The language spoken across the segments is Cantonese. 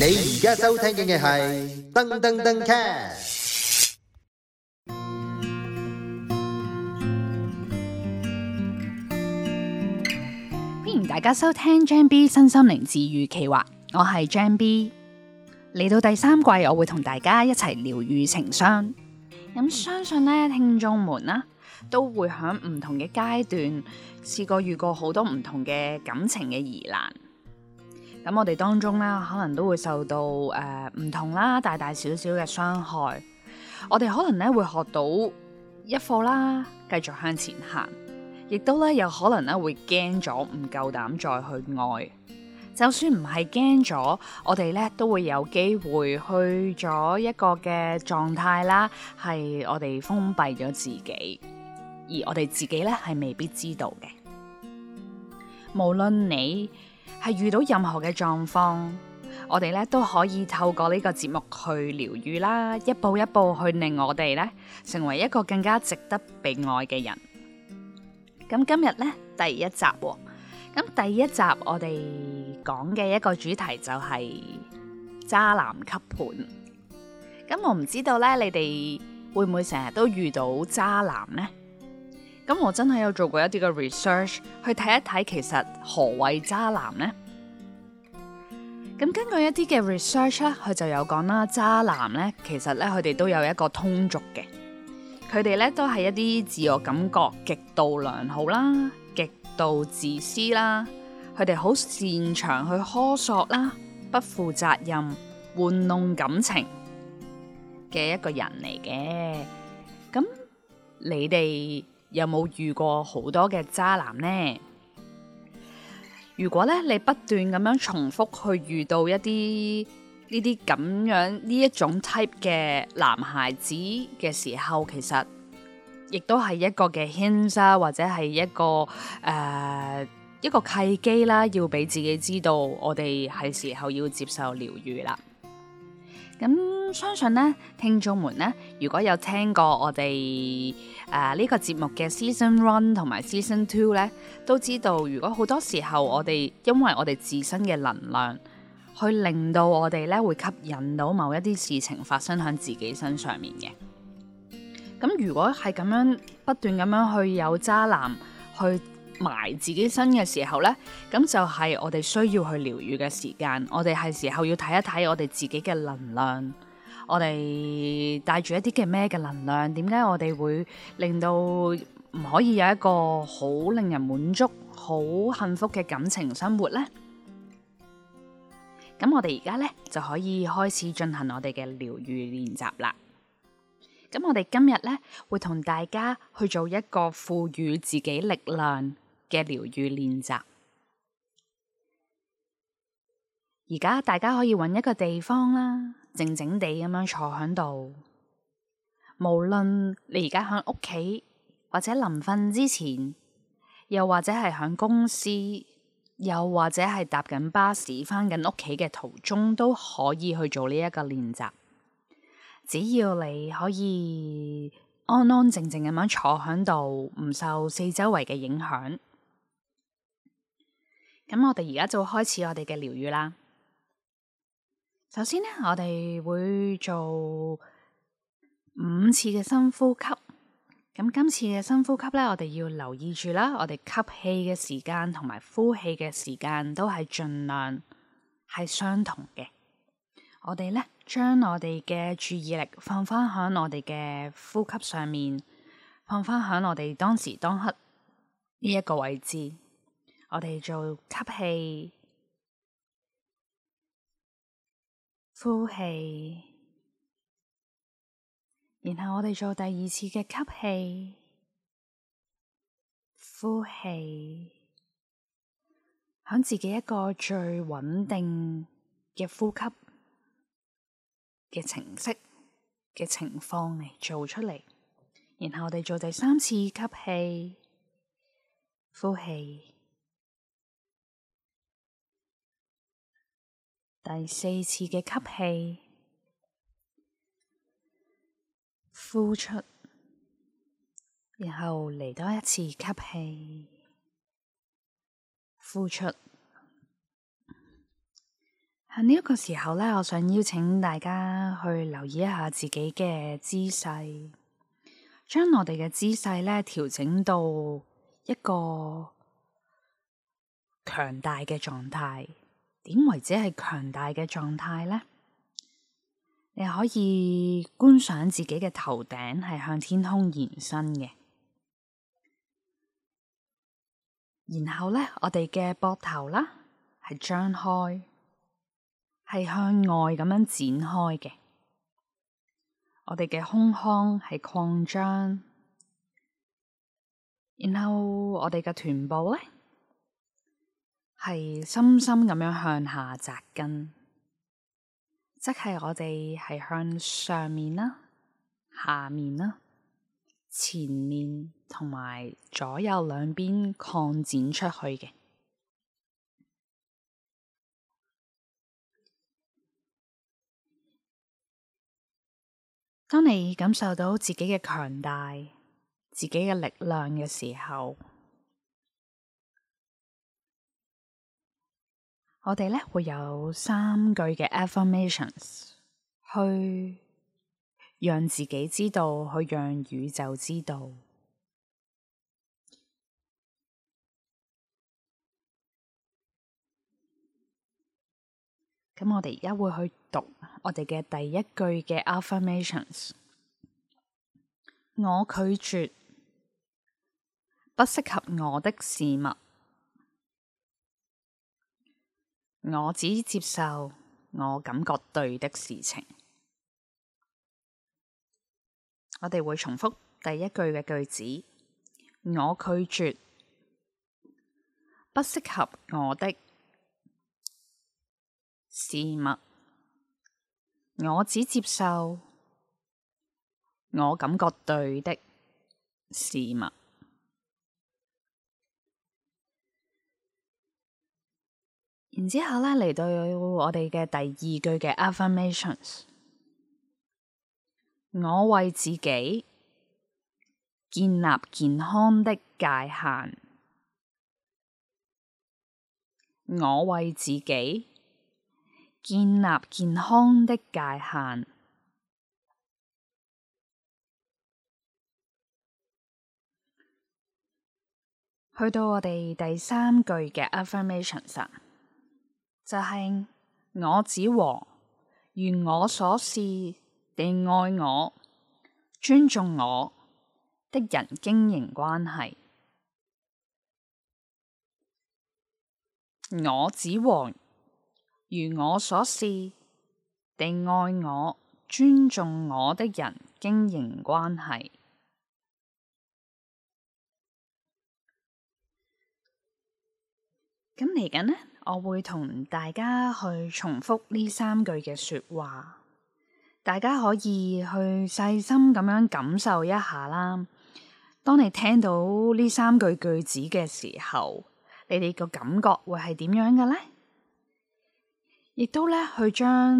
你而家收聽緊嘅係噔噔噔 cast，歡迎大家收聽張 B 新心靈治癒企劃，我係張 B。嚟到第三季，我會同大家一齊療愈情傷。咁相信呢，聽眾們啦都會喺唔同嘅階段試過遇過好多唔同嘅感情嘅疑難。咁我哋當中咧，可能都會受到誒唔同啦，大大小小嘅傷害。我哋可能咧會學到一課啦，繼續向前行，亦都咧有可能咧會驚咗，唔夠膽再去愛。就算唔係驚咗，我哋咧都會有機會去咗一個嘅狀態啦，係我哋封閉咗自己，而我哋自己咧係未必知道嘅。無論你，係遇到任何嘅狀況，我哋咧都可以透過呢個節目去療愈啦，一步一步去令我哋咧成為一個更加值得被愛嘅人。咁今日咧第一集，哦，咁第一集我哋講嘅一個主題就係渣男吸盤。咁我唔知道咧，你哋會唔會成日都遇到渣男呢？咁我真係有做過一啲嘅 research，去睇一睇其實何謂渣男呢？咁根據一啲嘅 research 咧，佢就有講啦，渣男咧其實咧佢哋都有一個通俗嘅，佢哋咧都係一啲自我感覺極度良好啦、極度自私啦，佢哋好擅長去苛索啦、不負責任、玩弄感情嘅一個人嚟嘅。咁你哋？有冇遇過好多嘅渣男呢？如果咧你不斷咁樣重複去遇到一啲呢啲咁樣呢一種 type 嘅男孩子嘅時候，其實亦都係一個嘅 hint 啦、啊，或者係一個誒、呃、一個契機啦，要俾自己知道，我哋係時候要接受療愈啦。咁相信咧，聽眾們咧，如果有聽過我哋誒呢個節目嘅 season one 同埋 season two 咧，都知道如果好多時候我哋因為我哋自身嘅能量，去令到我哋咧會吸引到某一啲事情發生喺自己身上面嘅。咁如果係咁樣不斷咁樣去有渣男去埋自己身嘅時候呢，咁就係我哋需要去療愈嘅時間。我哋係時候要睇一睇我哋自己嘅能量，我哋帶住一啲嘅咩嘅能量？點解我哋會令到唔可以有一個好令人滿足、好幸福嘅感情生活呢？咁我哋而家呢，就可以開始進行我哋嘅療愈練習啦。咁我哋今日呢，會同大家去做一個賦予自己力量。嘅療癒練習，而家大家可以揾一個地方啦，靜靜地咁樣坐喺度。無論你而家喺屋企，或者臨瞓之前，又或者係喺公司，又或者係搭緊巴士翻緊屋企嘅途中，都可以去做呢一個練習。只要你可以安安靜靜咁樣坐喺度，唔受四周圍嘅影響。咁我哋而家就開始我哋嘅療癒啦。首先呢，我哋會做五次嘅深呼吸。咁今次嘅深呼吸呢，我哋要留意住啦。我哋吸氣嘅時間同埋呼氣嘅時間都係盡量係相同嘅。我哋呢，將我哋嘅注意力放翻響我哋嘅呼吸上面，放翻響我哋當時當刻呢一個位置。我哋做吸氣、呼氣，然後我哋做第二次嘅吸氣、呼氣，喺自己一個最穩定嘅呼吸嘅程式嘅情況嚟做出嚟，然後我哋做第三次吸氣、呼氣。第四次嘅吸氣，呼出，然後嚟多一次吸氣，呼出。喺呢一個時候呢，我想邀請大家去留意一下自己嘅姿勢，將我哋嘅姿勢呢調整到一個強大嘅狀態。點為之係強大嘅狀態呢？你可以觀想自己嘅頭頂係向天空延伸嘅，然後呢，我哋嘅膊頭啦係張開，係向外咁樣展開嘅，我哋嘅胸腔係擴張，然後我哋嘅臀部呢。係深深咁樣向下扎根，即係我哋係向上面啦、下面啦、前面同埋左右兩邊擴展出去嘅。當你感受到自己嘅強大、自己嘅力量嘅時候。我哋呢會有三句嘅 affirmations，去讓自己知道，去讓宇宙知道。咁我哋而家會去讀我哋嘅第一句嘅 affirmations。我拒絕不適合我的事物。我只接受我感覺對的事情。我哋會重複第一句嘅句子：我拒絕不適合我的事物。我只接受我感覺對的事物。然之後呢，嚟到我哋嘅第二句嘅 affirmations，我為自己建立健康的界限。我為自己建立健康的界限。去到我哋第三句嘅 affirmations 啊。就係、是、我只和如我所示地愛我、尊重我的人經營關係。我只和如我所示地愛我、尊重我的人經營關係。咁嚟緊呢，我會同大家去重複呢三句嘅說話，大家可以去細心咁樣感受一下啦。當你聽到呢三句句子嘅時候，你哋個感覺會係點樣嘅呢？亦都咧去將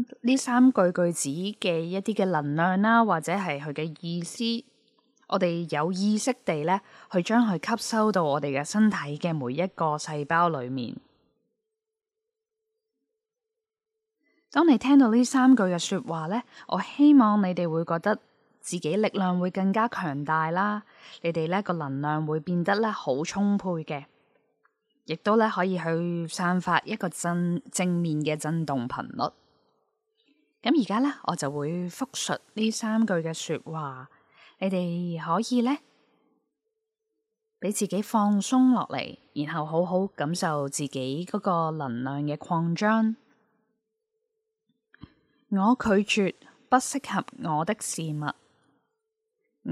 呢三句句子嘅一啲嘅能量啦，或者係佢嘅意思，我哋有意識地咧去將佢吸收到我哋嘅身體嘅每一個細胞裏面。當你聽到呢三句嘅說話咧，我希望你哋會覺得自己力量會更加強大啦，你哋咧個能量會變得咧好充沛嘅，亦都咧可以去散發一個正面嘅震動頻率。咁而家咧，我就會復述呢三句嘅說話，你哋可以咧，俾自己放鬆落嚟，然後好好感受自己嗰個能量嘅擴張。我拒絕不適合我的事物，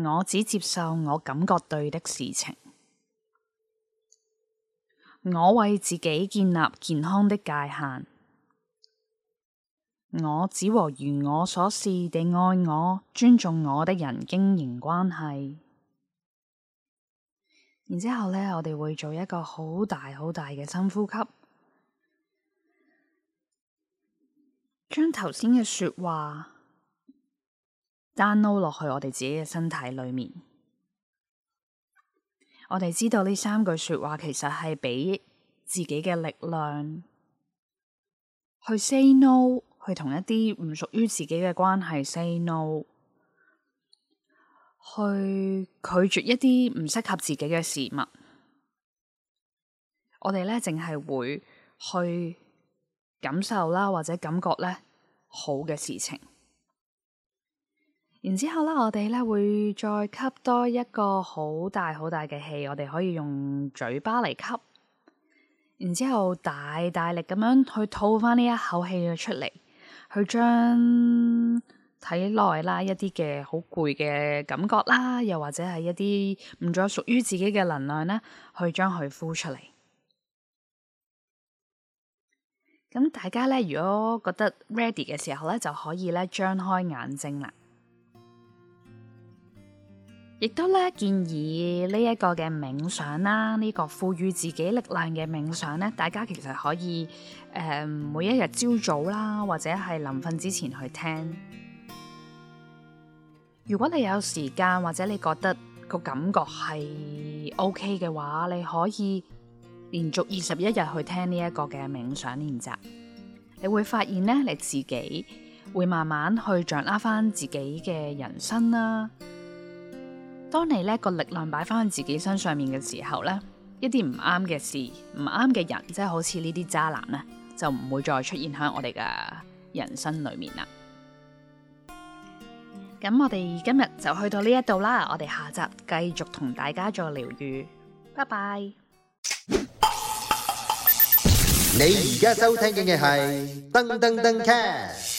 我只接受我感覺對的事情。我為自己建立健康的界限，我只和如我所示地愛我、尊重我的人經營關係。然之後呢，我哋會做一個好大好大嘅深呼吸。將頭先嘅說話 download 落去我哋自己嘅身體裏面，我哋知道呢三句說話其實係俾自己嘅力量去 say no，去同一啲唔屬於自己嘅關係 say no，去拒絕一啲唔適合自己嘅事物。我哋咧淨係會去感受啦，或者感覺咧。好嘅事情，然之後咧，我哋咧會再吸多一個好大好大嘅氣，我哋可以用嘴巴嚟吸，然之後大大力咁樣去吐翻呢一口氣出嚟，去將體內啦一啲嘅好攰嘅感覺啦，又或者係一啲唔再屬於自己嘅能量咧，去將佢呼出嚟。咁大家咧，如果覺得 ready 嘅時候咧，就可以咧張開眼睛啦。亦都咧建議呢一個嘅冥想啦，呢個賦予自己力量嘅冥想咧，大家其實可以誒、呃、每一日朝早啦，或者係臨瞓之前去聽。如果你有時間，或者你覺得個感覺係 OK 嘅話，你可以，連續二十一日去聽呢一個嘅冥想練習，你會發現呢，你自己會慢慢去掌握翻自己嘅人生啦。當你呢個力量擺翻喺自己身上面嘅時候，呢一啲唔啱嘅事、唔啱嘅人，即係好似呢啲渣男呢就唔會再出現喺我哋嘅人生裏面啦。咁我哋今日就去到呢一度啦，我哋下集繼續同大家做療癒，拜拜。你而家收聽嘅係噔噔噔 cat